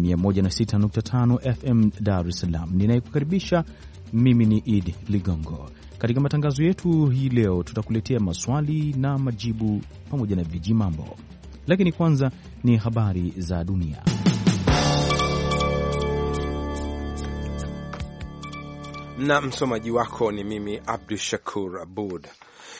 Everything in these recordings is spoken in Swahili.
106.5 FM Dar es Salaam. Ninayekukaribisha mimi ni Idi Ligongo. Katika matangazo yetu hii leo, tutakuletea maswali na majibu pamoja na viji mambo, lakini kwanza ni habari za dunia. Na msomaji wako ni mimi Abdu Shakur Abud.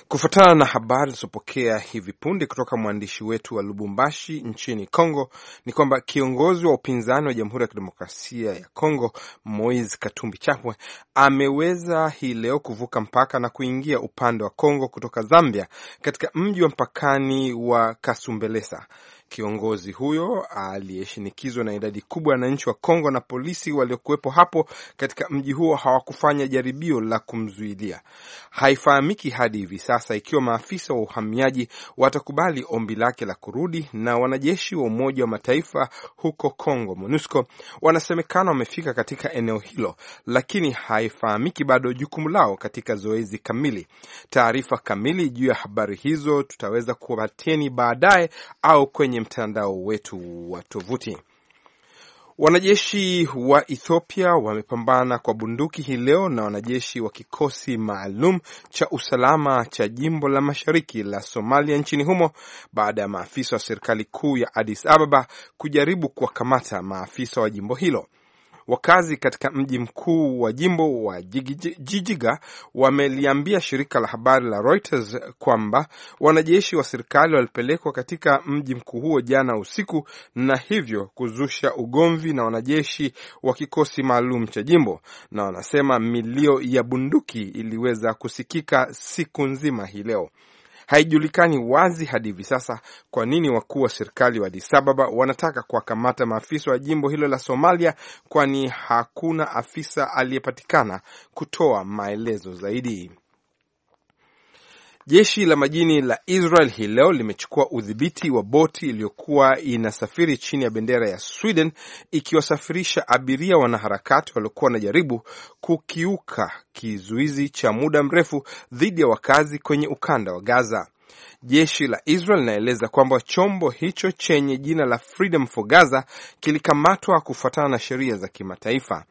Kufuatana na habari tulizopokea hivi punde kutoka mwandishi wetu wa Lubumbashi nchini Kongo ni kwamba kiongozi wa upinzani wa Jamhuri ya Kidemokrasia ya Kongo Moise Katumbi Chapwe ameweza hii leo kuvuka mpaka na kuingia upande wa Kongo kutoka Zambia katika mji wa mpakani wa Kasumbelesa. Kiongozi huyo aliyeshinikizwa na idadi kubwa ya wananchi wa Kongo na polisi waliokuwepo hapo katika mji huo hawakufanya jaribio la kumzuilia. Haifahamiki hadi hivi sasa ikiwa maafisa wa uhamiaji watakubali ombi lake la kurudi. Na wanajeshi wa Umoja wa Mataifa huko Kongo, MONUSCO, wanasemekana wamefika katika eneo hilo, lakini haifahamiki bado jukumu lao katika zoezi kamili. Taarifa kamili juu ya habari hizo tutaweza kuwapatieni baadaye au kwenye kwenye mtandao wetu wa tovuti. Wanajeshi wa Ethiopia wamepambana kwa bunduki hii leo na wanajeshi wa kikosi maalum cha usalama cha jimbo la mashariki la Somalia nchini humo baada ya maafisa wa serikali kuu ya Addis Ababa kujaribu kuwakamata maafisa wa jimbo hilo. Wakazi katika mji mkuu wa jimbo wa Jijiga wameliambia shirika la habari la Reuters kwamba wanajeshi wa serikali walipelekwa katika mji mkuu huo jana usiku, na hivyo kuzusha ugomvi na wanajeshi wa kikosi maalum cha jimbo, na wanasema milio ya bunduki iliweza kusikika siku nzima hii leo. Haijulikani wazi hadi hivi sasa kwa nini wakuu wa serikali wa Addis Ababa wanataka kuwakamata maafisa wa jimbo hilo la Somalia, kwani hakuna afisa aliyepatikana kutoa maelezo zaidi. Jeshi la majini la Israel hii leo limechukua udhibiti wa boti iliyokuwa inasafiri chini ya bendera ya Sweden ikiwasafirisha abiria wanaharakati waliokuwa wanajaribu kukiuka kizuizi cha muda mrefu dhidi ya wakazi kwenye ukanda wa Gaza. Jeshi la Israel linaeleza kwamba chombo hicho chenye jina la Freedom for Gaza kilikamatwa kufuatana na sheria za kimataifa.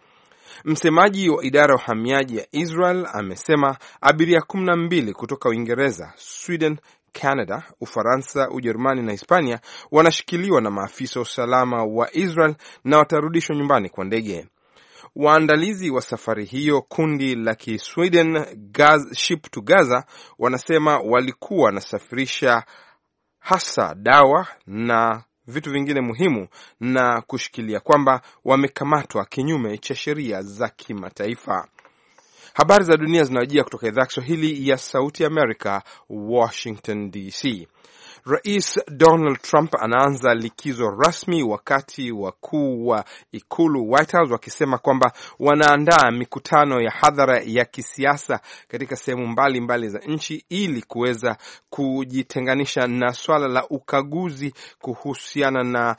Msemaji wa idara ya uhamiaji ya Israel amesema abiria kumi na mbili kutoka Uingereza, Sweden, Canada, Ufaransa, Ujerumani na Hispania wanashikiliwa na maafisa wa usalama wa Israel na watarudishwa nyumbani kwa ndege. Waandalizi wa safari hiyo, kundi la Kisweden Ship to Gaza, wanasema walikuwa wanasafirisha hasa dawa na vitu vingine muhimu na kushikilia kwamba wamekamatwa kinyume cha sheria za kimataifa. Habari za dunia zinawajia kutoka idhaa Kiswahili ya Sauti Amerika, Washington DC. Rais Donald Trump anaanza likizo rasmi, wakati wakuu wa ikulu White House wakisema kwamba wanaandaa mikutano ya hadhara ya kisiasa katika sehemu mbalimbali za nchi ili kuweza kujitenganisha na swala la ukaguzi kuhusiana na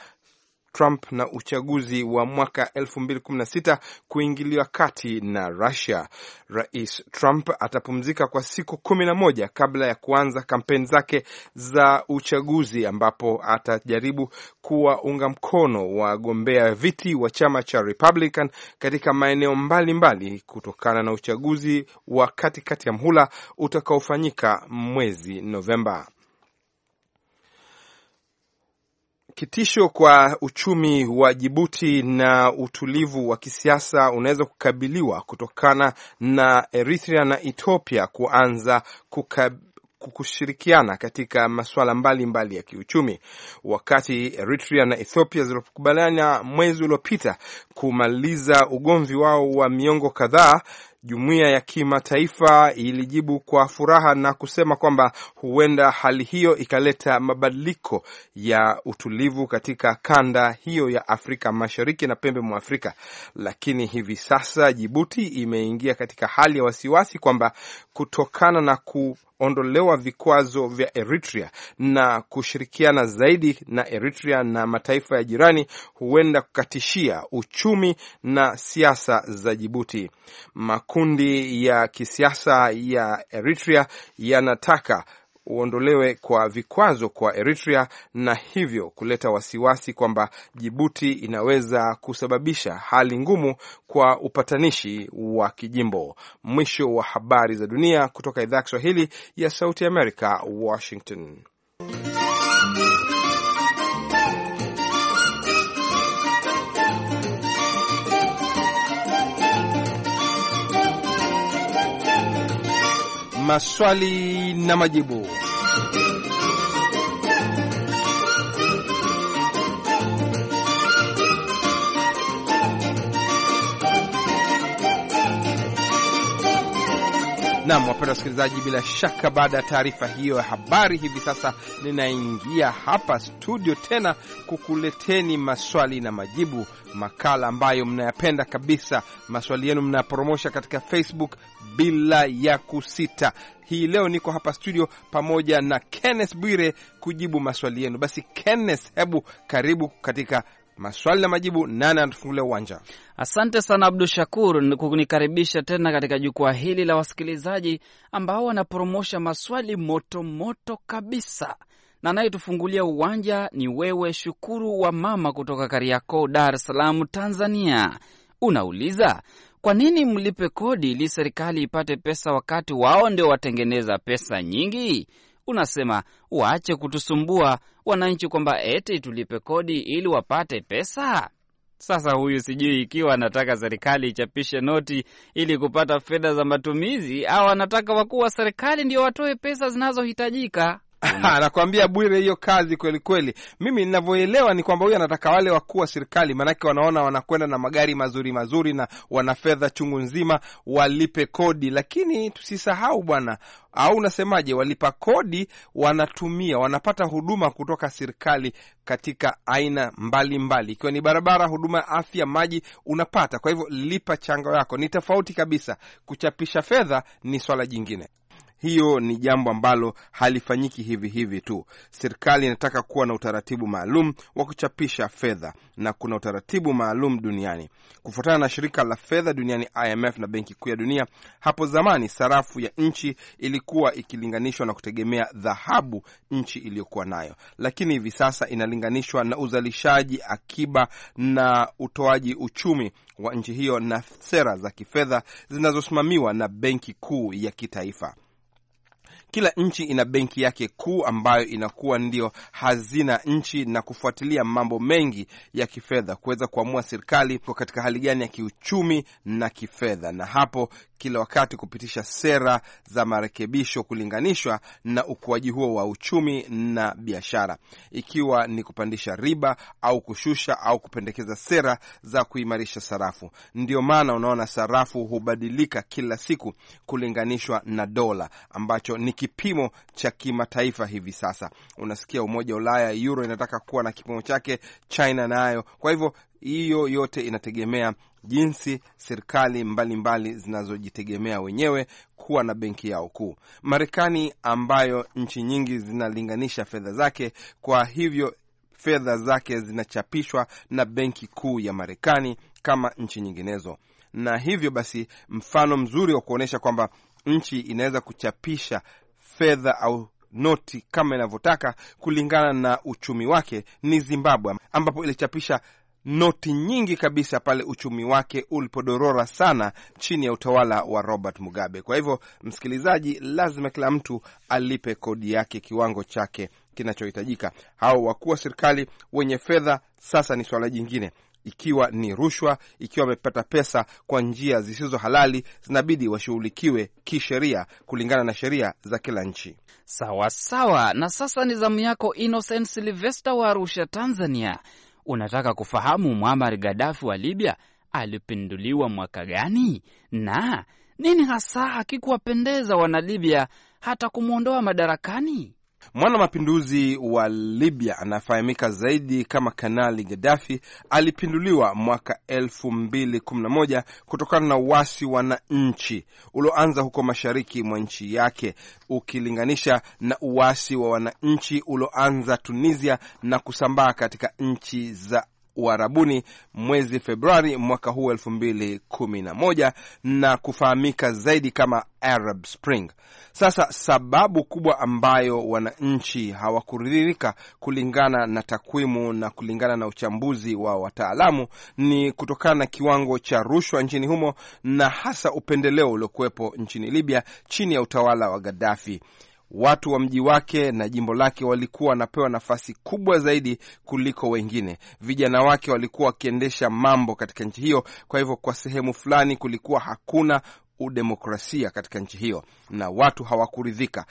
Trump na uchaguzi wa mwaka 2016 kuingiliwa kati na Russia. Rais Trump atapumzika kwa siku kumi na moja kabla ya kuanza kampeni zake za uchaguzi, ambapo atajaribu kuwaunga mkono wagombea viti wa chama cha Republican katika maeneo mbalimbali mbali kutokana na uchaguzi wa katikati ya mhula utakaofanyika mwezi Novemba. Kitisho kwa uchumi wa Jibuti na utulivu wa kisiasa unaweza kukabiliwa kutokana na Eritrea na Ethiopia kuanza kukab kushirikiana katika masuala mbalimbali ya kiuchumi. Wakati Eritrea na Ethiopia zilipokubaliana mwezi uliopita kumaliza ugomvi wao wa miongo kadhaa, Jumuiya ya kimataifa ilijibu kwa furaha na kusema kwamba huenda hali hiyo ikaleta mabadiliko ya utulivu katika kanda hiyo ya Afrika Mashariki na pembe mwa Afrika. Lakini hivi sasa Jibuti imeingia katika hali ya wasiwasi kwamba kutokana na ku ondolewa vikwazo vya Eritrea na kushirikiana zaidi na Eritrea na mataifa ya jirani huenda kukatishia uchumi na siasa za Jibuti. Makundi ya kisiasa ya Eritrea yanataka uondolewe kwa vikwazo kwa Eritrea na hivyo kuleta wasiwasi kwamba Jibuti inaweza kusababisha hali ngumu kwa upatanishi wa kijimbo. Mwisho wa habari za dunia kutoka idhaa ya Kiswahili ya Sauti ya Amerika, Washington. Maswali na majibu. Nam, wapenda wasikilizaji, bila shaka baada ya taarifa hiyo ya habari, hivi sasa ninaingia hapa studio tena kukuleteni maswali na majibu, makala ambayo mnayapenda kabisa. Maswali yenu mnayaporomosha katika Facebook bila ya kusita. Hii leo niko hapa studio pamoja na Kenneth Bwire kujibu maswali yenu. Basi Kenneth, hebu karibu katika maswali na majibu. Nane anatufungulia uwanja. Asante sana Abdu Shakur kunikaribisha tena katika jukwaa hili la wasikilizaji ambao wanapromosha maswali moto moto kabisa, na anayetufungulia uwanja ni wewe Shukuru wa mama kutoka Kariakoo, Dar es Salaam, Tanzania. Unauliza, kwa nini mlipe kodi ili serikali ipate pesa wakati wao ndio watengeneza pesa nyingi? unasema waache kutusumbua wananchi kwamba eti tulipe kodi ili wapate pesa. Sasa huyu sijui ikiwa anataka serikali ichapishe noti ili kupata fedha za matumizi au anataka wakuu wa serikali ndio watoe pesa zinazohitajika anakwambia Bwire, hiyo kazi kweli kweli. Mimi ninavyoelewa ni kwamba huyu anataka wale wakuu wa serikali, maanake wanaona wanakwenda na magari mazuri mazuri na wana fedha chungu nzima, walipe kodi. Lakini tusisahau bwana, au unasemaje? Walipa kodi wanatumia, wanapata huduma kutoka serikali katika aina mbalimbali, ikiwa ni barabara, huduma ya afya, maji unapata. Kwa hivyo lipa chango yako, ni tofauti kabisa. Kuchapisha fedha ni swala jingine hiyo ni jambo ambalo halifanyiki hivi hivi tu. Serikali inataka kuwa na utaratibu maalum wa kuchapisha fedha na kuna utaratibu maalum duniani kufuatana na shirika la fedha duniani IMF na benki kuu ya dunia. Hapo zamani sarafu ya nchi ilikuwa ikilinganishwa na kutegemea dhahabu nchi iliyokuwa nayo, lakini hivi sasa inalinganishwa na uzalishaji, akiba na utoaji uchumi wa nchi hiyo na sera za kifedha zinazosimamiwa na benki kuu ya kitaifa. Kila nchi ina benki yake kuu ambayo inakuwa ndio hazina nchi na kufuatilia mambo mengi ya kifedha, kuweza kuamua serikali kwa katika hali gani ya kiuchumi na kifedha, na hapo kila wakati kupitisha sera za marekebisho kulinganishwa na ukuaji huo wa uchumi na biashara, ikiwa ni kupandisha riba au kushusha au kupendekeza sera za kuimarisha sarafu. ndio maana unaona sarafu hubadilika kila siku kulinganishwa na dola ambacho ni kipimo cha kimataifa hivi sasa. Unasikia Umoja wa Ulaya, euro inataka kuwa na kipimo chake, China nayo Kwa hivyo hiyo yote inategemea jinsi serikali mbalimbali zinazojitegemea wenyewe kuwa na benki yao kuu. Marekani ambayo nchi nyingi zinalinganisha fedha zake, kwa hivyo fedha zake zinachapishwa na benki kuu ya Marekani kama nchi nyinginezo, na hivyo basi mfano mzuri wa kuonyesha kwamba nchi inaweza kuchapisha fedha au noti kama inavyotaka kulingana na uchumi wake ni Zimbabwe ambapo ilichapisha noti nyingi kabisa pale uchumi wake ulipodorora sana chini ya utawala wa Robert Mugabe. Kwa hivyo, msikilizaji, lazima kila mtu alipe kodi yake kiwango chake kinachohitajika. Hao wakuu wa serikali wenye fedha sasa ni swala jingine ikiwa ni rushwa, ikiwa wamepata pesa kwa njia zisizo halali, zinabidi washughulikiwe kisheria kulingana na sheria za kila nchi. Sawa sawa. Na sasa ni zamu yako Innocent Silvesta wa Arusha, Tanzania. Unataka kufahamu Muammar Gaddafi wa Libya alipinduliwa mwaka gani na nini hasa hakikuwapendeza Wanalibya hata kumwondoa madarakani? Mwana mapinduzi wa Libya anafahamika zaidi kama Kanali Gaddafi alipinduliwa mwaka 2011 kutokana na uasi wananchi ulioanza huko mashariki mwa nchi yake, ukilinganisha na uasi wa wananchi ulioanza Tunisia na kusambaa katika nchi za Uarabuni mwezi Februari mwaka huu 2011 na kufahamika zaidi kama Arab Spring. Sasa sababu kubwa ambayo wananchi hawakuridhika kulingana na takwimu na kulingana na uchambuzi wa wataalamu ni kutokana na kiwango cha rushwa nchini humo na hasa upendeleo uliokuwepo nchini Libya chini ya utawala wa Gaddafi watu wa mji wake na jimbo lake walikuwa wanapewa nafasi kubwa zaidi kuliko wengine. Vijana wake walikuwa wakiendesha mambo katika nchi hiyo. Kwa hivyo, kwa sehemu fulani kulikuwa hakuna udemokrasia katika nchi hiyo na watu hawakuridhika.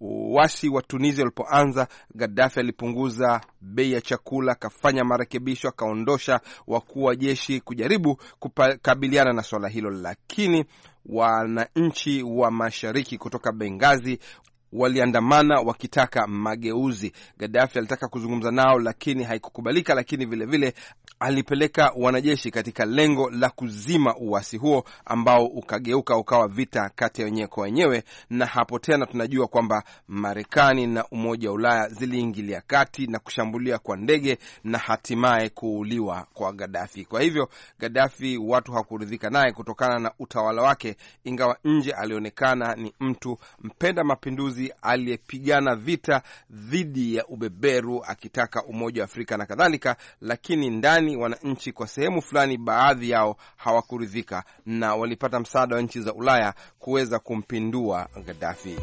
Uasi wa Tunisia ulipoanza, Gaddafi alipunguza bei ya chakula, akafanya marekebisho, akaondosha wakuu wa jeshi kujaribu kukabiliana na swala hilo, lakini wananchi wa mashariki kutoka Bengazi waliandamana wakitaka mageuzi. Gaddafi alitaka kuzungumza nao lakini haikukubalika, lakini vilevile vile, alipeleka wanajeshi katika lengo la kuzima uasi huo ambao ukageuka ukawa vita kati ya wenyewe kwa wenyewe. Na hapo tena tunajua kwamba Marekani na Umoja wa Ulaya ziliingilia kati na kushambulia kwa ndege na hatimaye kuuliwa kwa Gaddafi. Kwa hivyo Gaddafi watu hawakuridhika naye kutokana na utawala wake, ingawa nje alionekana ni mtu mpenda mapinduzi kiongozi aliyepigana vita dhidi ya ubeberu akitaka umoja wa Afrika na kadhalika, lakini ndani wananchi kwa sehemu fulani, baadhi yao hawakuridhika na walipata msaada wa nchi za Ulaya kuweza kumpindua Gaddafi.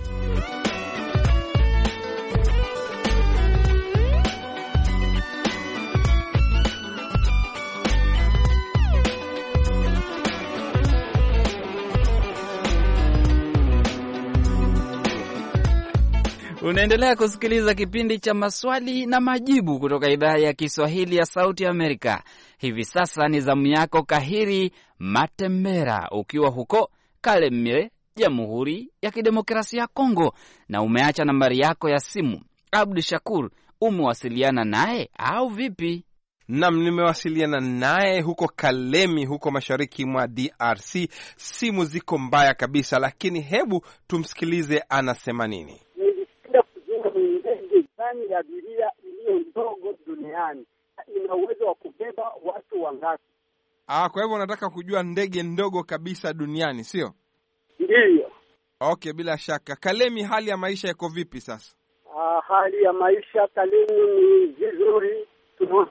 Unaendelea kusikiliza kipindi cha maswali na majibu kutoka idhaa ya Kiswahili ya Sauti Amerika. Hivi sasa ni zamu yako Kahiri Matembera, ukiwa huko Kalemie, Jamhuri ya Kidemokrasia ya Kongo, na umeacha nambari yako ya simu. Abdu Shakur, umewasiliana naye au vipi? Nam, nimewasiliana naye huko Kalemi, huko mashariki mwa DRC. Simu ziko mbaya kabisa, lakini hebu tumsikilize anasema nini tani ya abiria iliyo ndogo duniani, ina uwezo wa kubeba watu wangapi? Ah, kwa hivyo unataka kujua ndege ndogo kabisa duniani, sio ndiyo? Okay, bila shaka. Kalemi, hali ya maisha yako vipi sasa? Ah, hali ya maisha Kalemi ni vizuri,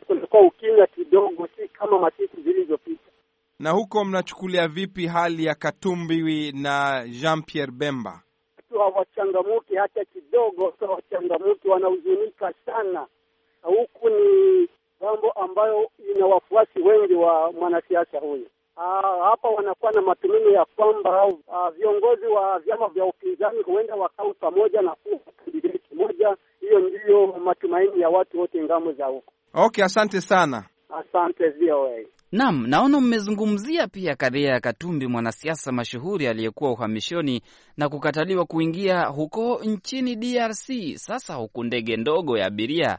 kulikuwa ukimya kidogo, si kama masiku zilizopita. Na huko mnachukulia vipi hali ya Katumbiwi na Jean Pierre Bemba? hawachangamuki hata kidogo, so wachangamuki, wanahuzunika sana. Huku ni mambo ambayo ina wafuasi wengi wa mwanasiasa huyu. Ah, hapa wanakuwa na matumaini ya kwamba ah, viongozi wa vyama vya upinzani huenda wakao pamoja na kuwa kandidati moja. Hiyo ndiyo matumaini ya watu wote ngamo za huko. Okay, asante sana, asante VOA. Naam, naona mmezungumzia pia kadhia ya Katumbi, mwanasiasa mashuhuri aliyekuwa uhamishoni na kukataliwa kuingia huko nchini DRC. Sasa huku ndege ndogo ya abiria,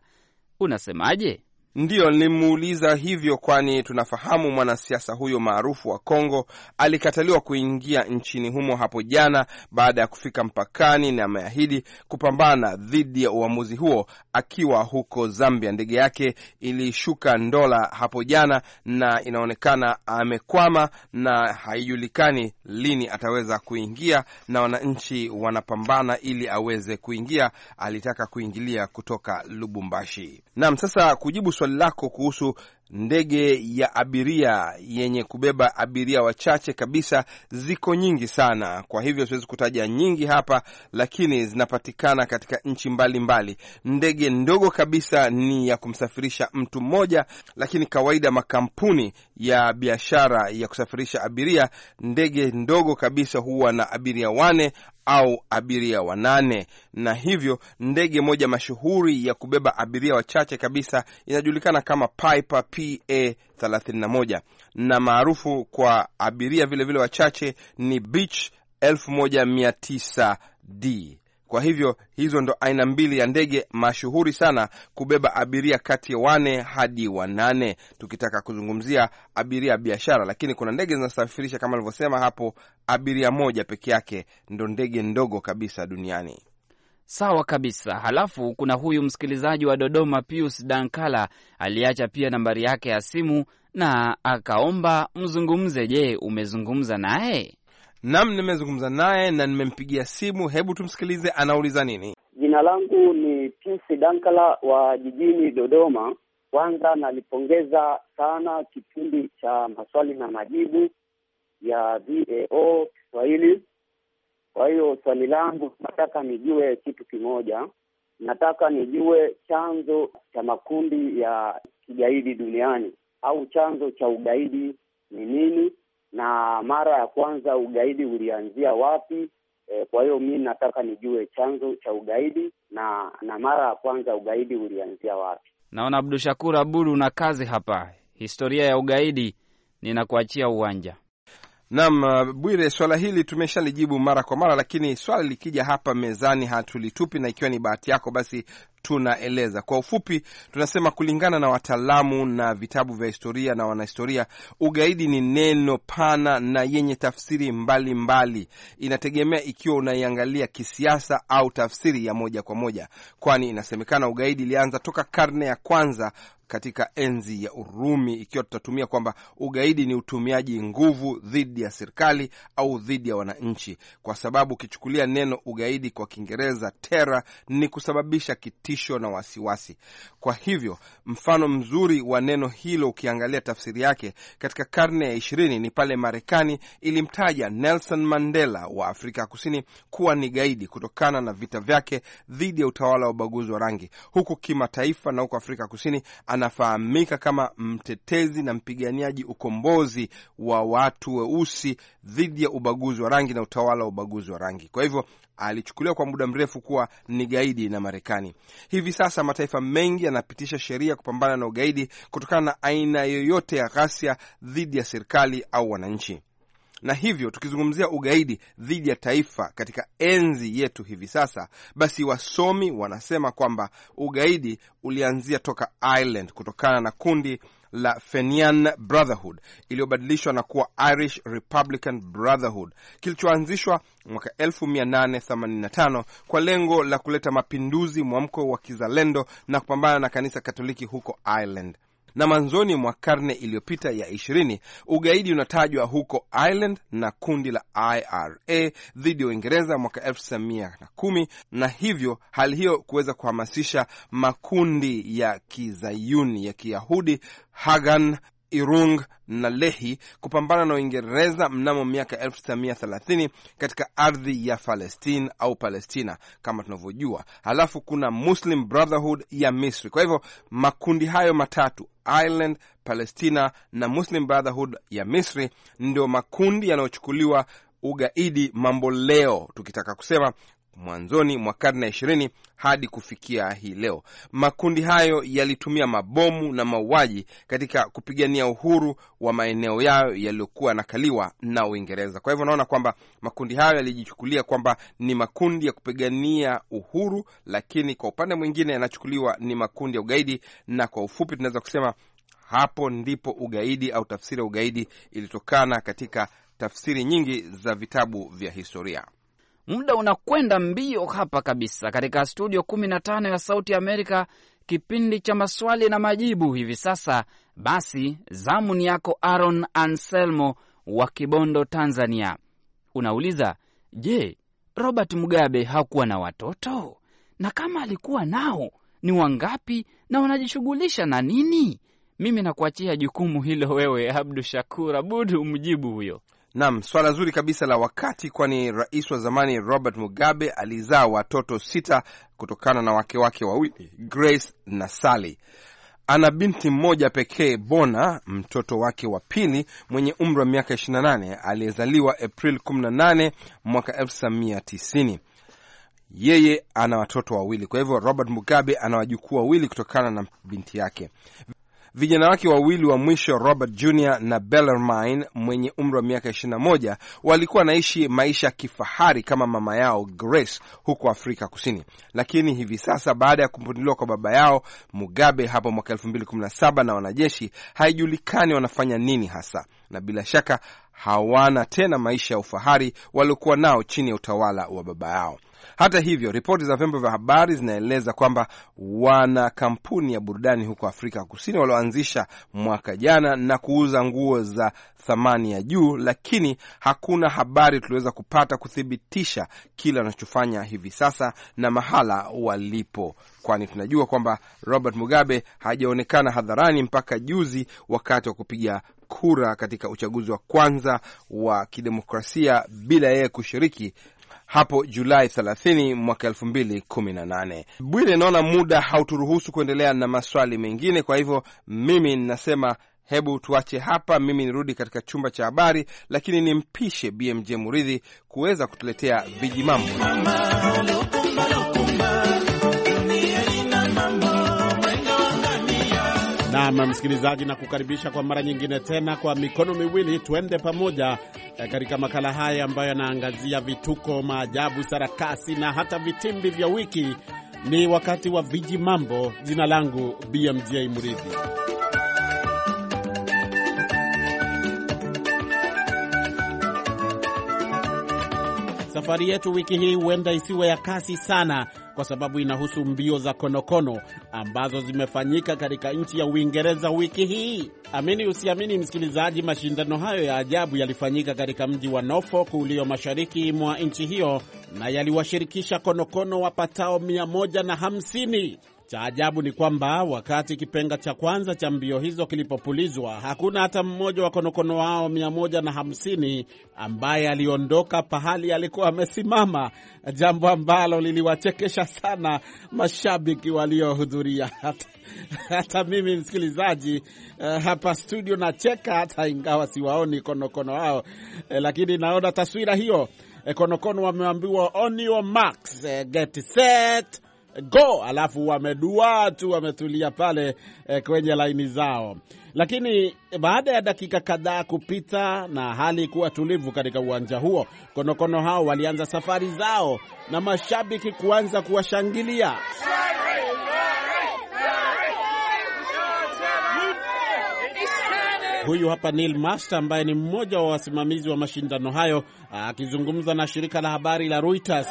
unasemaje? Ndiyo, nilimuuliza hivyo, kwani tunafahamu mwanasiasa huyo maarufu wa Kongo alikataliwa kuingia nchini humo hapo jana baada ya kufika mpakani, na ameahidi kupambana dhidi ya uamuzi huo akiwa huko Zambia. Ndege yake ilishuka Ndola hapo jana, na inaonekana amekwama na haijulikani lini ataweza kuingia, na wananchi wanapambana ili aweze kuingia. Alitaka kuingilia kutoka Lubumbashi. Naam, sasa kujibu swali lako kuhusu ndege ya abiria yenye kubeba abiria wachache kabisa. Ziko nyingi sana, kwa hivyo siwezi kutaja nyingi hapa, lakini zinapatikana katika nchi mbalimbali. Ndege ndogo kabisa ni ya kumsafirisha mtu mmoja, lakini kawaida makampuni ya biashara ya kusafirisha abiria, ndege ndogo kabisa huwa na abiria wane au abiria wanane, na hivyo ndege moja mashuhuri ya kubeba abiria wachache kabisa inajulikana kama Piper PA 31 na maarufu kwa abiria vilevile wachache ni Beech 1900D. Kwa hivyo hizo ndo aina mbili ya ndege mashuhuri sana kubeba abiria kati ya wane hadi wanane, tukitaka kuzungumzia abiria ya biashara. Lakini kuna ndege zinasafirisha kama alivyosema hapo, abiria moja peke yake, ndo ndege ndogo kabisa duniani. Sawa kabisa. Halafu kuna huyu msikilizaji wa Dodoma, Pius Dankala, aliacha pia nambari yake ya simu na akaomba mzungumze. Je, umezungumza naye? nam nimezungumza naye na nimempigia simu. Hebu tumsikilize anauliza nini. Jina langu ni Pisi Dankala wa jijini Dodoma. Kwanza nalipongeza sana kipindi cha maswali na majibu ya VAO Kiswahili. Kwa hiyo swali langu, nataka nijue kitu kimoja. Nataka nijue chanzo cha makundi ya kigaidi duniani au chanzo cha ugaidi ni nini, na mara ya kwanza ugaidi ulianzia wapi? E, kwa hiyo mi nataka nijue chanzo cha ugaidi na na mara ya kwanza ugaidi ulianzia wapi. Naona abdu shakur abudu una kazi hapa, historia ya ugaidi ninakuachia uwanja. Naam uh, Bwire, swala hili tumeshalijibu mara kwa mara, lakini swala likija hapa mezani hatulitupi, na ikiwa ni bahati yako basi tunaeleza kwa ufupi. Tunasema kulingana na wataalamu na vitabu vya historia na wanahistoria, ugaidi ni neno pana na yenye tafsiri mbalimbali mbali. Inategemea ikiwa unaiangalia kisiasa au tafsiri ya moja kwa moja, kwani inasemekana ugaidi ilianza toka karne ya kwanza katika enzi ya Urumi, ikiwa tutatumia kwamba ugaidi ni utumiaji nguvu dhidi ya serikali au dhidi ya wananchi, kwa sababu ukichukulia neno ugaidi kwa Kiingereza terror ni kusababisha kitisho na wasiwasi. Kwa hivyo mfano mzuri wa neno hilo ukiangalia tafsiri yake katika karne ya ishirini ni pale Marekani ilimtaja Nelson Mandela wa Afrika Kusini kuwa ni gaidi kutokana na vita vyake dhidi ya utawala wa ubaguzi wa rangi, huku kimataifa na huko Afrika Kusini anafahamika kama mtetezi na mpiganiaji ukombozi wa watu weusi dhidi ya ubaguzi wa rangi na utawala wa ubaguzi wa rangi. Kwa hivyo alichukuliwa kwa muda mrefu kuwa ni gaidi na Marekani. Hivi sasa mataifa mengi yanapitisha sheria kupambana na ugaidi kutokana na aina yoyote ya ghasia dhidi ya serikali au wananchi na hivyo tukizungumzia ugaidi dhidi ya taifa katika enzi yetu hivi sasa, basi wasomi wanasema kwamba ugaidi ulianzia toka Ireland kutokana na kundi la Fenian Brotherhood iliyobadilishwa na kuwa Irish Republican Brotherhood kilichoanzishwa mwaka 1885 kwa lengo la kuleta mapinduzi, mwamko wa kizalendo na kupambana na kanisa Katoliki huko Ireland na mwanzoni mwa karne iliyopita ya ishirini ugaidi unatajwa huko Ireland na kundi la IRA dhidi ya Uingereza mwaka elfu tisa mia na kumi na hivyo hali hiyo kuweza kuhamasisha makundi ya kizayuni ya Kiyahudi Hagan Irung na Lehi kupambana na Uingereza mnamo miaka 1930 katika ardhi ya Palestine au Palestina kama tunavyojua. Halafu kuna Muslim Brotherhood ya Misri. Kwa hivyo makundi hayo matatu, Ireland, Palestina na Muslim Brotherhood ya Misri, ndio makundi yanayochukuliwa ugaidi mambo leo, tukitaka kusema mwanzoni mwa karne ya ishirini hadi kufikia hii leo. Makundi hayo yalitumia mabomu na mauaji katika kupigania uhuru wa maeneo yayo yaliyokuwa yanakaliwa na Uingereza. Kwa hivyo naona kwamba makundi hayo yalijichukulia kwamba ni makundi ya kupigania uhuru, lakini kwa upande mwingine yanachukuliwa ni makundi ya ugaidi, na kwa ufupi tunaweza kusema hapo ndipo ugaidi au tafsiri ya ugaidi ilitokana katika tafsiri nyingi za vitabu vya historia. Muda unakwenda mbio hapa kabisa, katika studio 15 ya Sauti Amerika, kipindi cha maswali na majibu hivi sasa. Basi zamu ni yako Aaron Anselmo wa Kibondo, Tanzania. Unauliza, je, Robert Mugabe hakuwa na watoto? Na kama alikuwa nao ni wangapi, na wanajishughulisha na nini? Mimi nakuachia jukumu hilo wewe, Abdu Shakur Abud, umjibu huyo. Nam, swala zuri kabisa la wakati, kwani rais wa zamani Robert Mugabe alizaa watoto sita kutokana na wake wake wawili Grace na Sally. Ana binti mmoja pekee Bona, mtoto wake wa pili mwenye umri wa miaka 28 aliyezaliwa April 18 mwaka 1990. Yeye ana watoto wawili, kwa hivyo Robert Mugabe ana wajukuu wawili kutokana na binti yake. Vijana wake wawili wa mwisho Robert Jr na Bellarmine mwenye umri wa miaka 21 walikuwa wanaishi maisha ya kifahari kama mama yao Grace huko Afrika Kusini, lakini hivi sasa baada ya kupinduliwa kwa baba yao Mugabe hapo mwaka 2017 na wanajeshi, haijulikani wanafanya nini hasa, na bila shaka hawana tena maisha ya ufahari waliokuwa nao chini ya utawala wa baba yao. Hata hivyo, ripoti za vyombo vya habari zinaeleza kwamba wana kampuni ya burudani huko Afrika Kusini walioanzisha mwaka jana na kuuza nguo za thamani ya juu, lakini hakuna habari tuliweza kupata kuthibitisha kile wanachofanya hivi sasa na mahala walipo, kwani tunajua kwamba Robert Mugabe hajaonekana hadharani mpaka juzi wakati wa kupiga kura katika uchaguzi wa kwanza wa kidemokrasia bila yeye kushiriki hapo Julai 30 mwaka 2018. Bwile, naona muda hauturuhusu kuendelea na maswali mengine, kwa hivyo mimi ninasema hebu tuache hapa, mimi nirudi katika chumba cha habari, lakini nimpishe BMJ Muridhi kuweza kutuletea vijimambo. Naam msikilizaji, na kukaribisha kwa mara nyingine tena kwa mikono miwili, tuende pamoja eh, katika makala haya ambayo yanaangazia vituko, maajabu, sarakasi na hata vitimbi vya wiki. Ni wakati wa viji mambo. Jina langu BMJ Muridhi. Safari yetu wiki hii huenda isiwe ya kasi sana, kwa sababu inahusu mbio za konokono ambazo zimefanyika katika nchi ya Uingereza wiki hii. Amini usiamini, msikilizaji, mashindano hayo ya ajabu yalifanyika katika mji wa Norfolk ulio mashariki mwa nchi hiyo na yaliwashirikisha konokono wapatao 150. Cha ajabu ni kwamba wakati kipenga cha kwanza cha mbio hizo kilipopulizwa, hakuna hata mmoja wa konokono wao 150 ambaye aliondoka pahali alikuwa amesimama, jambo ambalo liliwachekesha sana mashabiki waliohudhuria. Hata, hata mimi msikilizaji, uh, hapa studio nacheka hata ingawa siwaoni konokono wao eh, lakini naona taswira hiyo eh, konokono wameambiwa on your marks, eh, get set go, alafu wamedua tu, wametulia pale eh, kwenye laini zao. Lakini baada ya dakika kadhaa kupita na hali kuwa tulivu katika uwanja huo, konokono hao walianza safari zao na mashabiki kuanza kuwashangilia. Huyu hapa Neil Master ambaye ni mmoja wa wasimamizi wa mashindano hayo akizungumza na shirika la habari la Reuters.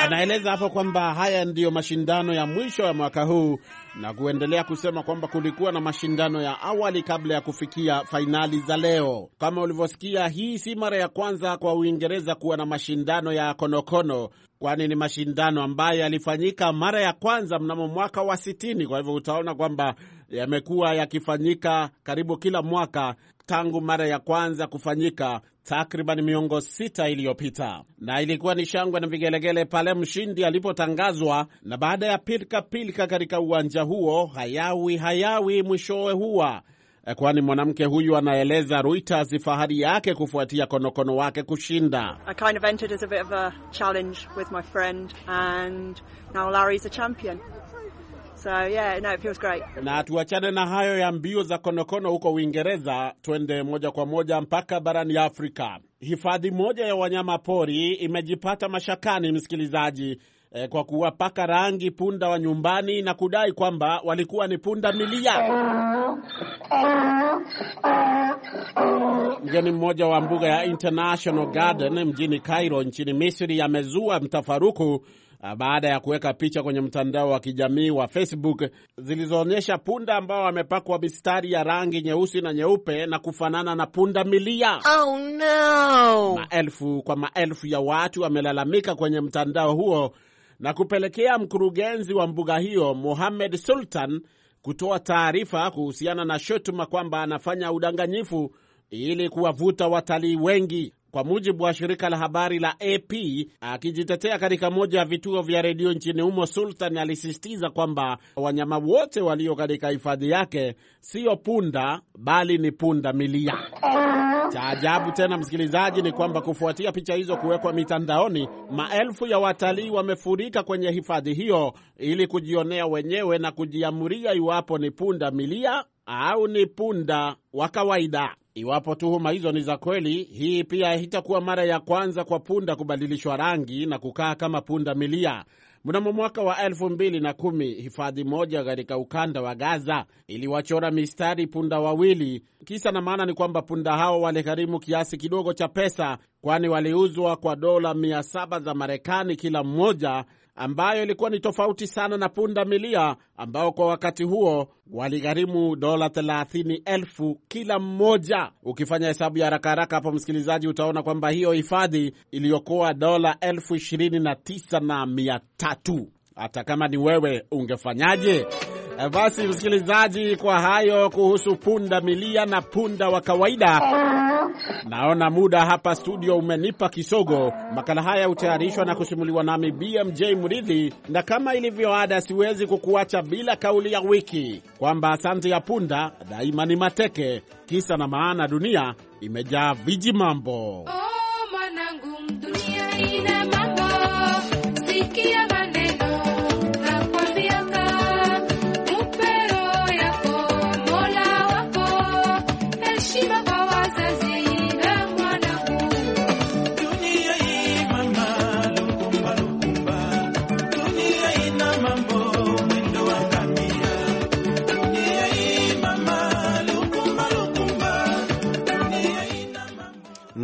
Anaeleza hapo kwamba haya ndiyo mashindano ya mwisho ya mwaka huu na kuendelea kusema kwamba kulikuwa na mashindano ya awali kabla ya kufikia fainali za leo. Kama ulivyosikia, hii si mara ya kwanza kwa Uingereza kuwa na mashindano ya konokono, kwani ni mashindano ambayo yalifanyika mara ya kwanza mnamo mwaka wa 60 Kwa hivyo utaona kwamba yamekuwa yakifanyika karibu kila mwaka tangu mara ya kwanza kufanyika takriban miongo sita iliyopita, na ilikuwa ni shangwe na vigelegele pale mshindi alipotangazwa, na baada ya pilkapilka katika uwanja huo, hayawi hayawi mwishowe huwa eh, kwani mwanamke huyu anaeleza Reuters fahari yake kufuatia konokono wake kushinda. kind of So, yeah, no, it feels great. Na tuachane na hayo ya mbio za konokono huko Uingereza, twende moja kwa moja mpaka barani Afrika. Hifadhi moja ya wanyama pori imejipata mashakani, msikilizaji, eh, kwa kuwapaka rangi punda wa nyumbani na kudai kwamba walikuwa ni punda milia. Mgeni mmoja wa mbuga ya International Garden mjini Cairo nchini Misri amezua mtafaruku Ah, baada ya kuweka picha kwenye mtandao wa kijamii wa Facebook zilizoonyesha punda ambao wamepakwa mistari ya rangi nyeusi na nyeupe na kufanana na punda milia. Oh, no. Maelfu kwa maelfu ya watu wamelalamika kwenye mtandao huo na kupelekea mkurugenzi wa mbuga hiyo Mohamed Sultan kutoa taarifa kuhusiana na shutuma kwamba anafanya udanganyifu ili kuwavuta watalii wengi kwa mujibu wa shirika la habari la AP. Akijitetea katika moja ya vituo vya redio nchini humo, Sultan alisisitiza kwamba wanyama wote walio katika hifadhi yake siyo punda, bali ni punda milia. Cha ajabu tena, msikilizaji, ni kwamba kufuatia picha hizo kuwekwa mitandaoni, maelfu ya watalii wamefurika kwenye hifadhi hiyo ili kujionea wenyewe na kujiamuria iwapo ni punda milia au ni punda wa kawaida. Iwapo tuhuma hizo ni za kweli, hii pia itakuwa mara ya kwanza kwa punda kubadilishwa rangi na kukaa kama punda milia. Mnamo mwaka wa 2010 hifadhi moja katika ukanda wa Gaza iliwachora mistari punda wawili. Kisa na maana ni kwamba punda hao waligharimu kiasi kidogo cha pesa kwani waliuzwa kwa dola 700 za Marekani kila mmoja, ambayo ilikuwa ni tofauti sana na punda milia ambao kwa wakati huo waligharimu dola 30,000 kila mmoja. Ukifanya hesabu ya haraka haraka hapo, msikilizaji, utaona kwamba hiyo hifadhi iliyokuwa dola 29,300. Hata kama ni wewe, ungefanyaje? Eh, basi msikilizaji, kwa hayo kuhusu punda milia na punda wa kawaida, naona muda hapa studio umenipa kisogo. Makala haya hutayarishwa na kusimuliwa nami BMJ mridhi na kama ilivyo ada, siwezi kukuacha bila kauli ya wiki kwamba asante ya punda daima ni mateke. Kisa na maana, dunia imejaa viji mambo. Oh,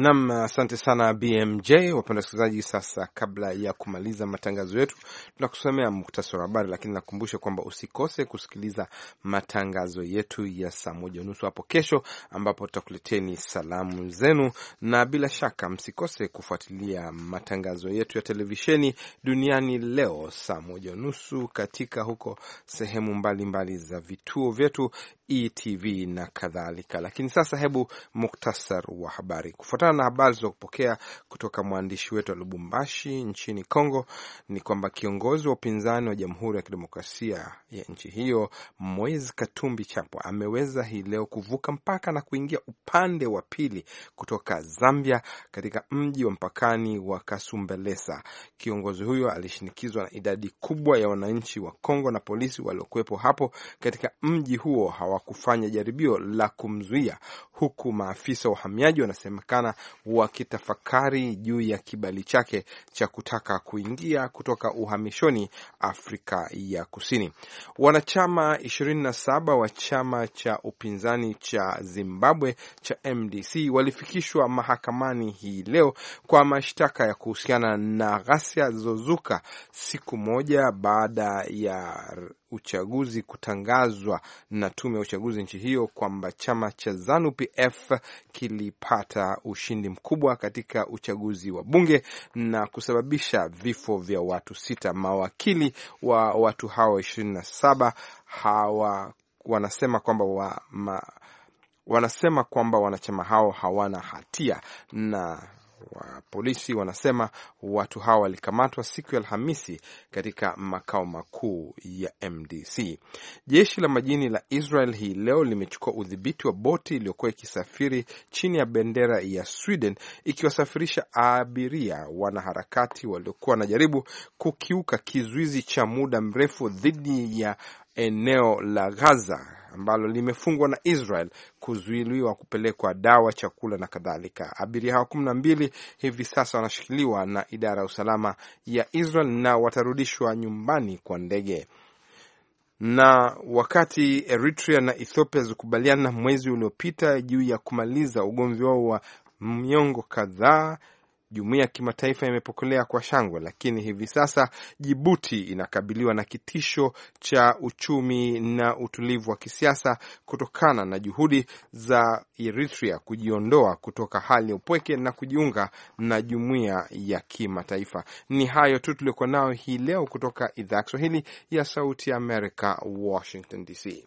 Nam, asante sana BMJ. Wapenda wasikilizaji, sasa kabla ya kumaliza matangazo yetu, tunakusomea muktasari wa habari, lakini nakumbusha kwamba usikose kusikiliza matangazo yetu ya saa moja unusu hapo kesho, ambapo tutakuleteni salamu zenu, na bila shaka msikose kufuatilia matangazo yetu ya televisheni duniani leo saa moja unusu katika huko sehemu mbalimbali mbali za vituo vyetu, ETV na kadhalika. Lakini sasa, hebu muktasar wa habari kufuatana na habari zilizopokea kutoka mwandishi wetu wa Lubumbashi nchini Kongo ni kwamba kiongozi wa upinzani wa Jamhuri ya Kidemokrasia ya nchi hiyo Moise Katumbi Chapwa ameweza hii leo kuvuka mpaka na kuingia upande wa pili kutoka Zambia katika mji wa mpakani wa Kasumbelesa. Kiongozi huyo alishinikizwa na idadi kubwa ya wananchi wa Kongo na polisi waliokuwepo hapo katika mji huo hawa hawakufanya jaribio la kumzuia, huku maafisa wa uhamiaji wanasemekana wakitafakari juu ya kibali chake cha kutaka kuingia kutoka uhamishoni Afrika ya Kusini. Wanachama 27 wa chama cha upinzani cha Zimbabwe cha MDC walifikishwa mahakamani hii leo kwa mashtaka ya kuhusiana na ghasia zilizozuka siku moja baada ya uchaguzi kutangazwa na tume ya uchaguzi nchi hiyo kwamba chama cha Zanu PF kilipata ushindi mkubwa katika uchaguzi wa bunge na kusababisha vifo vya watu sita. Mawakili wa watu hao ishirini na saba hawa wanasema kwamba wa, ma, wanasema kwamba wanachama hao hawana hatia na wa polisi wanasema watu hawa walikamatwa siku ya Alhamisi katika makao makuu ya MDC. Jeshi la majini la Israel hii leo limechukua udhibiti wa boti iliyokuwa ikisafiri chini ya bendera ya Sweden ikiwasafirisha abiria wanaharakati waliokuwa wanajaribu kukiuka kizuizi cha muda mrefu dhidi ya eneo la Gaza ambalo limefungwa na Israel kuzuiliwa kupelekwa dawa, chakula na kadhalika. Abiria hawa kumi na mbili hivi sasa wanashikiliwa na idara ya usalama ya Israel na watarudishwa nyumbani kwa ndege. Na wakati Eritrea na Ethiopia zikubaliana mwezi uliopita juu ya kumaliza ugomvi wao wa miongo kadhaa Jumuiya ya kimataifa imepokelea kwa shangwe, lakini hivi sasa Jibuti inakabiliwa na kitisho cha uchumi na utulivu wa kisiasa kutokana na juhudi za Eritrea kujiondoa kutoka hali ya upweke na kujiunga na jumuiya ya kimataifa. Ni hayo tu tuliokuwa nayo hii leo kutoka idhaa ya Kiswahili ya Sauti ya Amerika, Washington DC.